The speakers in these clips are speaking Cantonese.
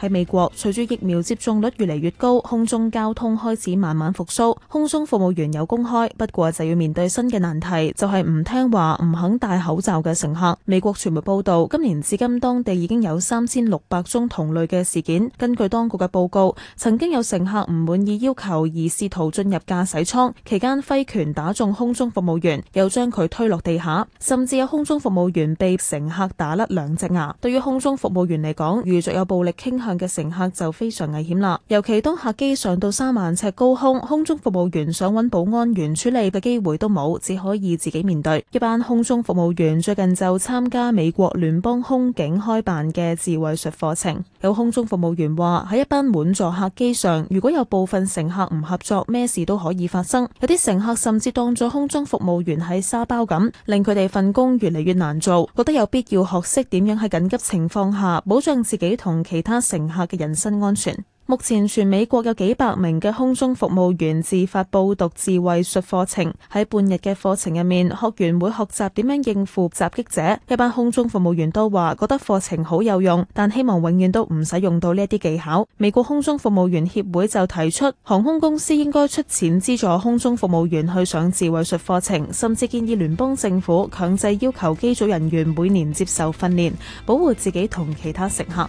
喺美國，隨住疫苗接種率越嚟越高，空中交通開始慢慢復甦，空中服務員有工開，不過就要面對新嘅難題，就係、是、唔聽話、唔肯戴口罩嘅乘客。美國傳媒報道，今年至今當地已經有三千六百宗同類嘅事件。根據當局嘅報告，曾經有乘客唔滿意要求而試圖進入駕駛艙，期間揮拳打中空中服務員，又將佢推落地下，甚至有空中服務員被乘客打甩兩隻牙。對於空中服務員嚟講，遇着有暴力傾向。向嘅乘客就非常危險啦，尤其當客機上到三萬尺高空，空中服務員想揾保安員處理嘅機會都冇，只可以自己面對。一班空中服務員最近就參加美國聯邦空警開辦嘅自衛術課程。有空中服務員話：喺一班滿座客機上，如果有部分乘客唔合作，咩事都可以發生。有啲乘客甚至當咗空中服務員喺沙包咁，令佢哋份工越嚟越難做，覺得有必要學識點樣喺緊急情況下保障自己同其他。乘客嘅人身安全。目前全美國有幾百名嘅空中服務員自發報讀自衛術課程。喺半日嘅課程入面，學員會學習點樣應付襲擊者。一班空中服務員都話覺得課程好有用，但希望永遠都唔使用，用到呢一啲技巧。美國空中服務員協會就提出，航空公司應該出錢資助空中服務員去上自衛術課程，甚至建議聯邦政府強制要求機組人員每年接受訓練，保護自己同其他乘客。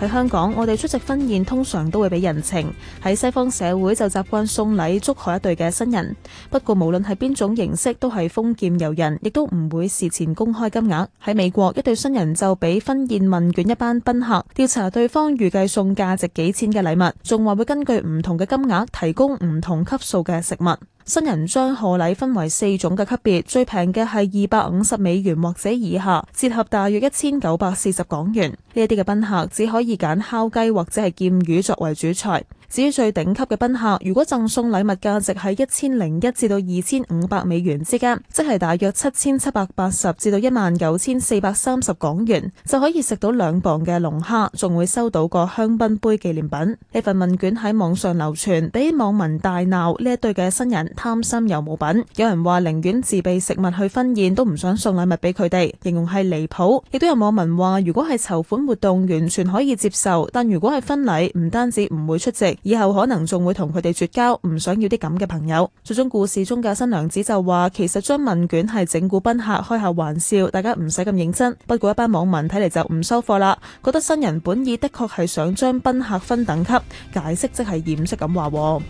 喺香港，我哋出席婚宴通常都會俾人情；喺西方社會就習慣送禮祝賀一對嘅新人。不過無論係邊種形式，都係封建遊人，亦都唔會事前公開金額。喺美國，一對新人就俾婚宴問卷一班賓客調查對方預計送價值幾千嘅禮物，仲話會根據唔同嘅金額提供唔同級數嘅食物。新人將賀禮分為四種嘅級別，最平嘅係二百五十美元或者以下，折合大約一千九百四十港元。呢一啲嘅賓客只可以揀烤雞或者係劍魚作為主菜。至於最頂級嘅賓客，如果贈送禮物價值喺一千零一至到二千五百美元之間，即係大約七千七百八十至到一萬九千四百三十港元，就可以食到兩磅嘅龍蝦，仲會收到個香檳杯紀念品。呢份問卷喺網上流傳，俾網民大鬧呢一對嘅新人貪心又冇品，有人話寧願自備食物去婚宴，都唔想送禮物俾佢哋，形容係離譜。亦都有網民話，如果係籌款活動，完全可以接受，但如果係婚禮，唔單止唔會出席。以後可能仲會同佢哋絕交，唔想要啲咁嘅朋友。最終故事中嘅新娘子就話：其實張問卷係整蠱賓客，開下玩笑，大家唔使咁認真。不過一班網民睇嚟就唔收貨啦，覺得新人本意的確係想將賓客分等級，解釋即係掩飾咁話喎。